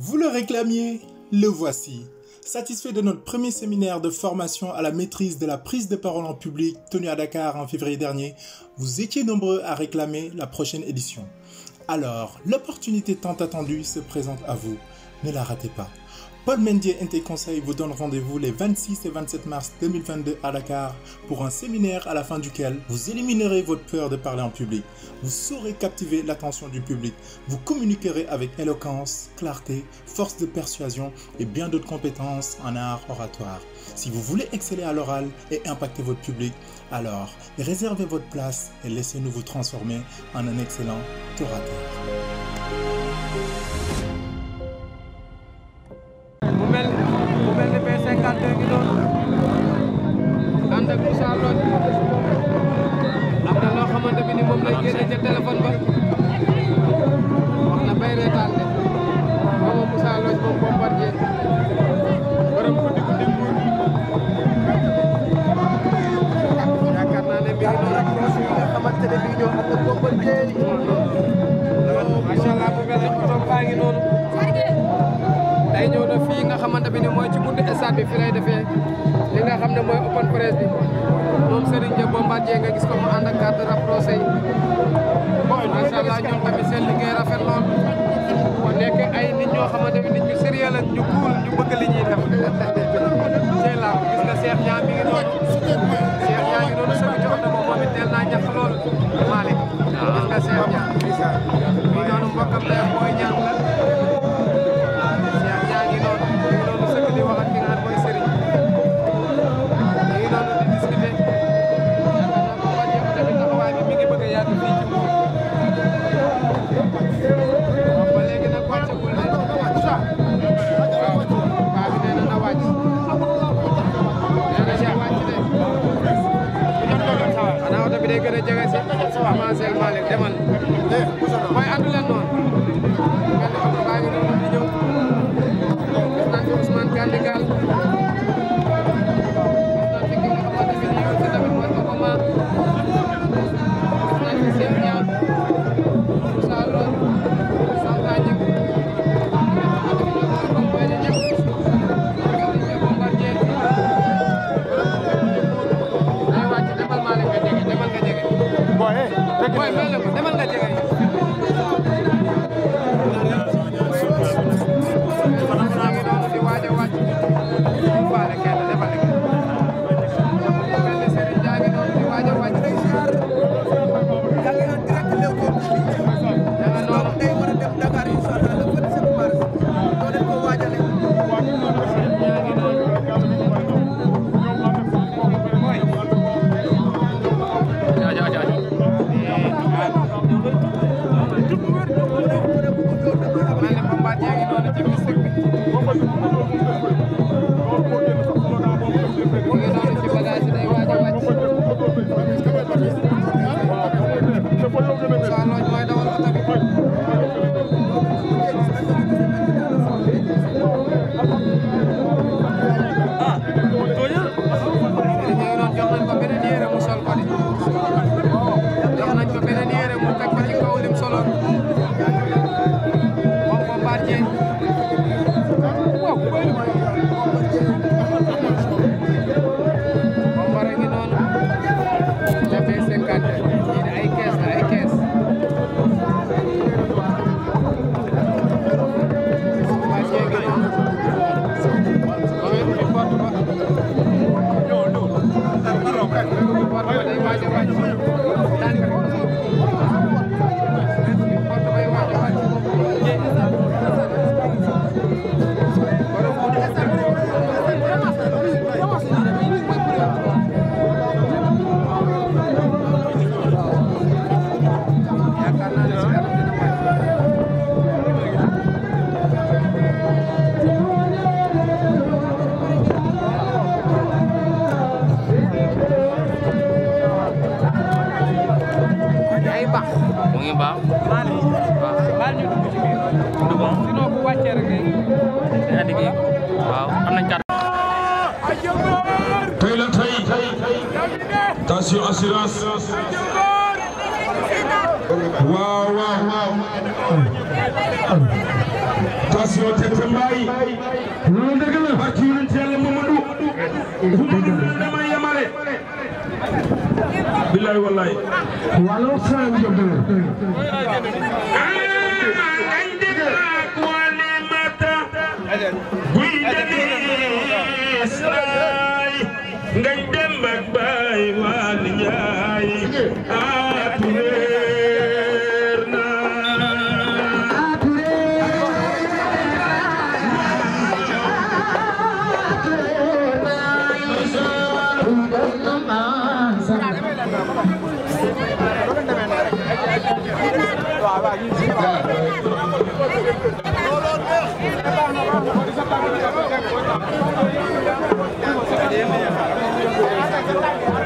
Vous le réclamiez Le voici. Satisfait de notre premier séminaire de formation à la maîtrise de la prise de parole en public tenu à Dakar en février dernier, vous étiez nombreux à réclamer la prochaine édition. Alors, l'opportunité tant attendue se présente à vous. Ne la ratez pas. Paul Mendier NT Conseil vous donne rendez-vous les 26 et 27 mars 2022 à Dakar pour un séminaire à la fin duquel vous éliminerez votre peur de parler avec éloquence, clarté, force de et bien d'autres compétences en art oratoire. Si vous voulez exceller et impacter votre public, alors réservez votre place et laissez-nous vous transformer en téléphone ba wax na bay de booba Moussa Lodj moom bombardier borom guddi noonu ak roos yi nga xamante ne ñoo noonu fii nga xamante bi ni mooy ci buntu stade bi fi lay defee li xam ne mooy open press bi moom Serigne Dia Bombardier nga gis ko mu ànd ak garde rapproché yi vraiment ñoom tamit seen liggéey rafet lool mu ay nit ñoo xamante ñu sérieux la ñu kuul ñu bëgg li ñuy def tey la gis nga Cheikh Niang mi ngi doon Cheikh Niang ngi doon teel naa ñax lool Malick gis nga Cheikh Niang mi ngi doon mbokkam la la Imam Sel Malick demal mooy andu leen noonu day baax. mu waaw waaw waaw waaw. billaay wallaay walo Thank you.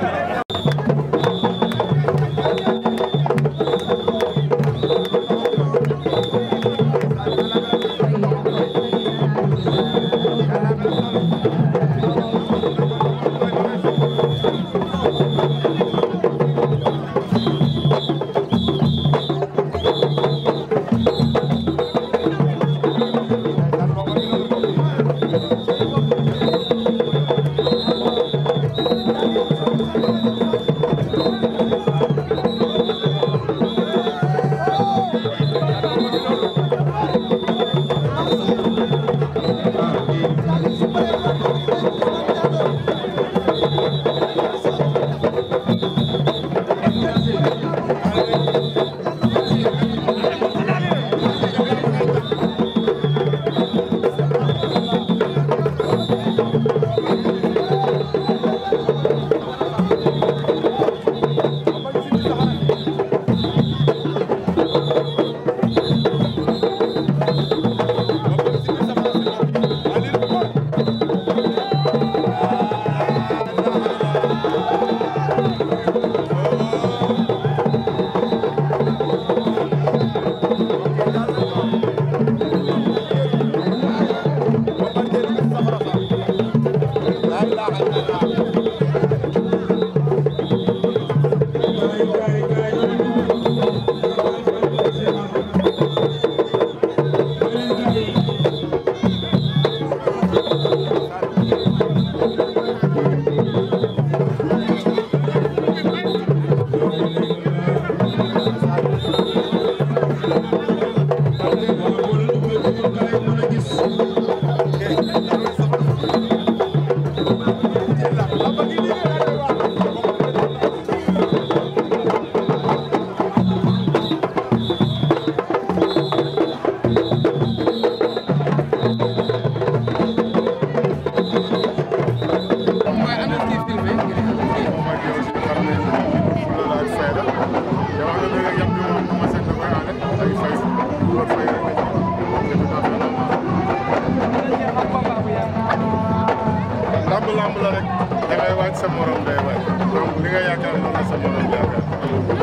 ñu ngi sax ñu yaakaar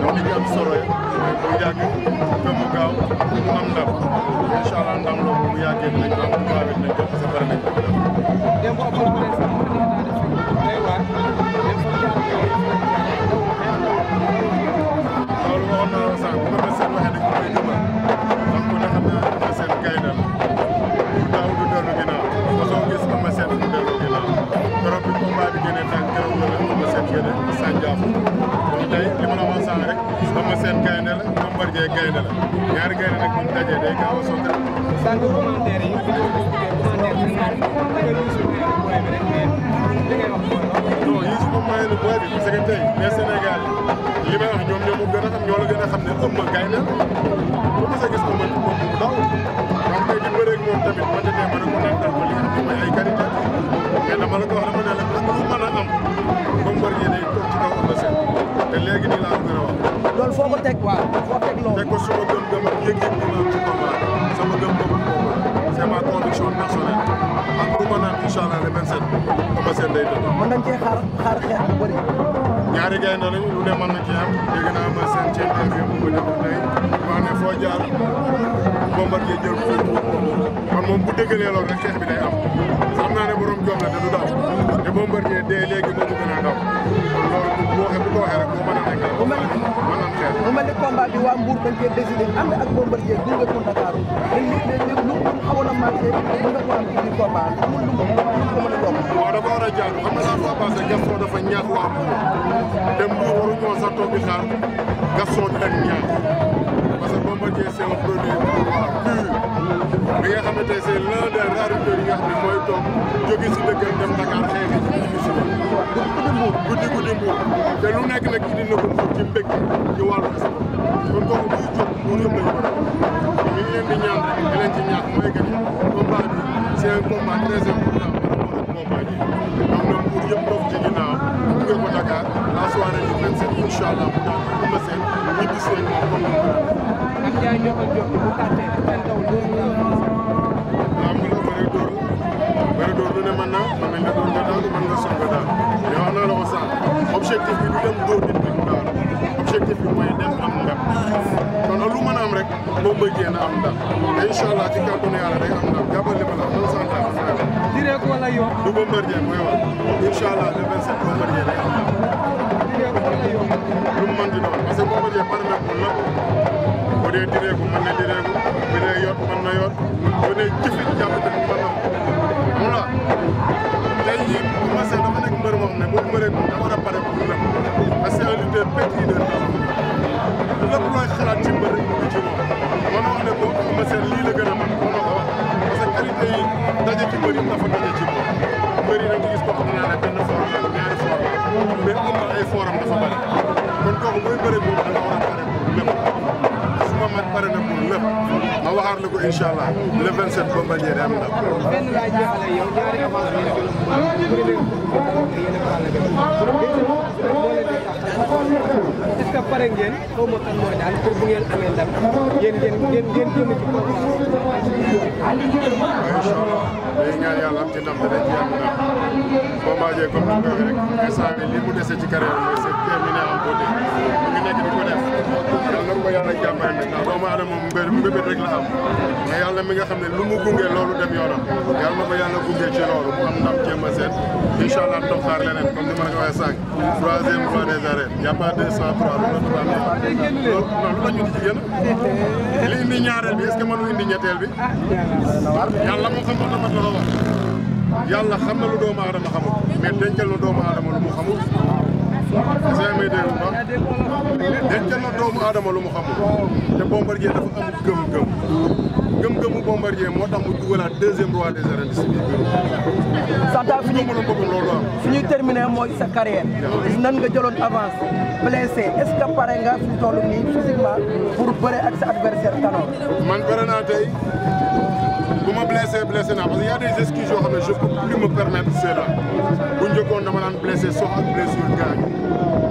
donc li am solo mooy bu yàgg te mu gaaw mu am ndam incha allah ndam loolu bu yàggee dinañ ko am bu gaawee dinañ ko parce que pare nañ ko def. démb ak wàllu presse am na ñu def day waar démb ak yàlla loolu waxoon naa la sax bu ko seen waxee dañ koy gëmal donc ku ne xam naa seen gaynde la bu daaw du dellu ginnaaw mosoo gis ma seen du dellu ginnaaw keroog bi combat bi génnee tànk keroog la ma seen gën a sànjaafu Bombardier gaynde la ñaari gaynde nag bu ñu dajee day gaaw a sotti. sànq commentaire yi bi ñu ko expliqué commentaire bi nga non Youssou moom mooy lu booy bi parce que tey les Sénégal li may wax ñoom ñoo ko gën a xam ñoo la gën a xam ne ëmb gaynde la bu mos a gis ko man moom bu ndaw donc tey di bëreeg moom tamit man de tey ma ne ko naan ko li nga xam ne mooy ay qualité mais dama la ko wax dama ne la ak lu mën a am Bombardier day toog ci kaw am na seen te léegi nii laa gën a wax loolu foo ko teg waaw foo teg loolu. teg ko sama gëm-gëm ak yëg-yëg bi ma am ci combat sama gëm-gëm ak combat c'est ma conviction personnelle ak ku ma naan incha allah le 27 Eumeu Sène day dëgg. mën nañ cee xaar xaar xeex bu bëri. ñaari gaynde lañ lu ne mën na ci am dégg naa Eumeu Sène ci interview bu ko defoon tey wax ne foo jaar Bombardier jël ko kon moom bu dëggalee loolu rek xeex bi day am xam naa ne borom jom la te du daw te Bombardier dee léegi moo ko gën a daw kon loolu bu waxee bu ko waxee rek moo mën a nekk mu mel ni combat bi waa Mbour dañ koy décidé ànd ak Bombardier gunge ko Dakar dañ leen ne lu mu a marqué mën na ko a a nga laa passé Gaston dafa ñaax waa Mbour te Mbour waruñoo sax toog di xaar Gaston di leen ñaax nga xamante ne c'est l'un des rares mbër yi nga xam ne mooy toog jóge si dëkkam dem Dakar xeexi ji si Mbour guddi lu nekk nag indi na ko Mbour ci ci wàllu si kon kooku muy jóg Mbour yëpp lañu ko ñu di ñaan rek di leen ci ñaax mooy que ni combat bi c'est un combat très important combat yi am na Mbour yëpp dox ci ginnaaw dugal ko Dakar la soirée du 27 incha allah mu daal di ëmb seen ñibbi seen objectif bi du dem dóor nit bi mu daanu objectif bi mooy dem am ndam kon lu mën a am rek moom mooy génn am ndam te incha allah ci kàttanu yàlla day am ndam jàppal li ma la wax sant am na direct wala yoon du ba mërje mooy wax incha allah le 27 ba mërje day am ndam direct wala yoon lu mu mën di doon parce que boo mërje pare na ko lépp bu dee direeku mën na direeku bu dee yot mën na yot bu dee jëfit jàpp na mën na xam nga tey jii bu ma see dafa nekk mbër moo xam ne boo mbëree moom dafa war a pare pour lépp parce que un leader petit de temps lépp looy xalaat ci mbër bi ci moom man wax ne boo ma see lii la gën a mën mën na ko wax parce que qualité yi daje ci mbër yi dafa daje ci moom mbër yi nag gis ko xam naa ne benn forum la ñaari forum mais am na ay forum dafa bari kon kooku muy bëri boobu dafa war a pare na pour lépp ma waxaat la ko incha allah le 27 Bombardier day am ndam. est-ce que pare ngeen xaw ma kan mooy daal pour bu ngeen amee ndam yéen ngeen ngeen ngeen jëm ci kaw. incha allah day ñaan yàlla am ci ndam danañ ci am ndam. combat jee comme ni ko rek instant bi li mu dese ci carrière mooy c'est terminé en beauté mu ngi nekk di ko def yàlla na ko yàlla jàmbale nag ndax doomu aadama moom mbër mbébét rek la am mais yàlla mi nga xam ne lu mu gunge loolu dem yoonam yàlla na ko yàlla gunge ci loolu mu am ndam jéem a seet incha allah toog xaar leneen comme ni ma la ko waxee sànq troisième fois des arènes y a pas deux cent trois loolu la non lu la ñu di jigéen li indi ñaareel bi est ce que mënu indi ñetteel bi yàlla moo xam na ma taxaw wax yàlla xam na lu doomu aadama xamul dencal na doomu aadama lu mu xamul. si yaa may dégg bu baax dencal na doomu aadama lu mu xamul te Bombardier dafa am gëm-gëm gëm-gëmu Bombardier moo tax mu dugalaat deuxième roi des arènes si biir bureau. Santa fi ñuy loolu am. fi ñuy terminé mooy sa carrière. gis nan nga jëloon avance blessé est-ce que pare nga fi toll nii physiquement pour bëre ak sa adversaire Tanor. man pare naa tey. blessé blessé naa parce que y a des excuses yoo xam ne je peux plus me permettre cela bu njëkkoon dama naan blessé sox ak blessure gaañ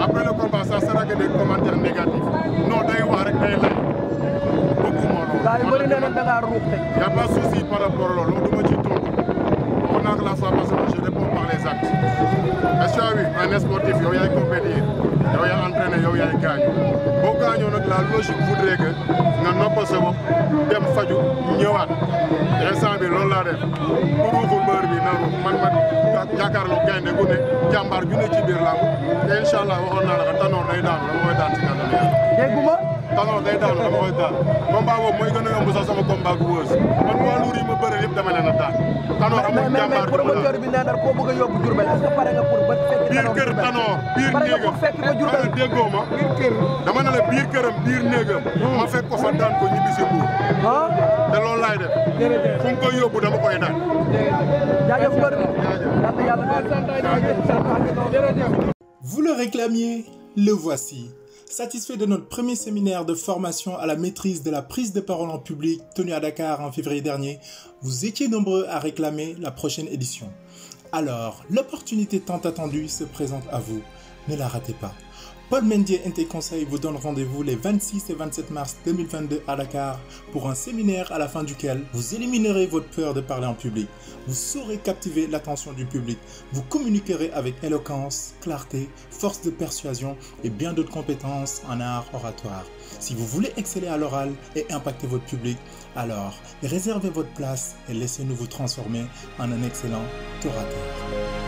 après le combat ça sera que des commentaires négatifs non day wax rek day laaj bëggu ma loolu. gars yi bëri na nag da ngaa ruux tey. y a pas souci par rapport loolu loolu du ma ci tontu waxoon naa ko la fois passée je réponds par les actes est-ce que oui un sportif yow yaay compétir yow yaa entraîné yow yaay gaañu boo gaañoo nag la logique voudrait que nga noppal sa bopp dem faju ñëwaat. bi loolu laa def ruuxul mbër bi naan man man jàkkaarloo gaynde gu ne jàmbaar ju ne ci biir làmb te incha allah waxoon naa la que Tanor day daanu dama koy daan ci kàttan yàlla. déggu ma. Tanor day daanu dama koy daan combat boobu mooy gën a yomb sax sama combat bu wërs man waa Lour ma bëre yëpp dama leen a daan. Tanor amul jàmbaar ju daan bi biir kër Tanor biir néegam dama ne la biir këram biir néegam hmm. ma fekk ko fa daan ko ñibbi si waay def fu mu Vous le réclamiez, le voici. Satisfait de notre premier séminaire de formation à la maîtrise de la prise de parole en public tenu à Dakar en février dernier, vous étiez nombreux à réclamer la prochaine édition. Alors, l'opportunité tant attendue se présente à vous. Ne la ratez pas. Paul Mendier Conseil vous donne rendez-vous les 26 et 27 mars 2022 à Dakar pour un séminaire à la fin duquel vous éliminerez votre peur de parler en public. Vous saurez captiver l'attention du public. Vous communiquerez avec éloquence, clarté, force de persuasion et bien d'autres compétences en art oratoire. Si vous voulez exceller à l'oral et impacter votre public, alors réservez votre place et laissez-nous vous transformer en un excellent orateur.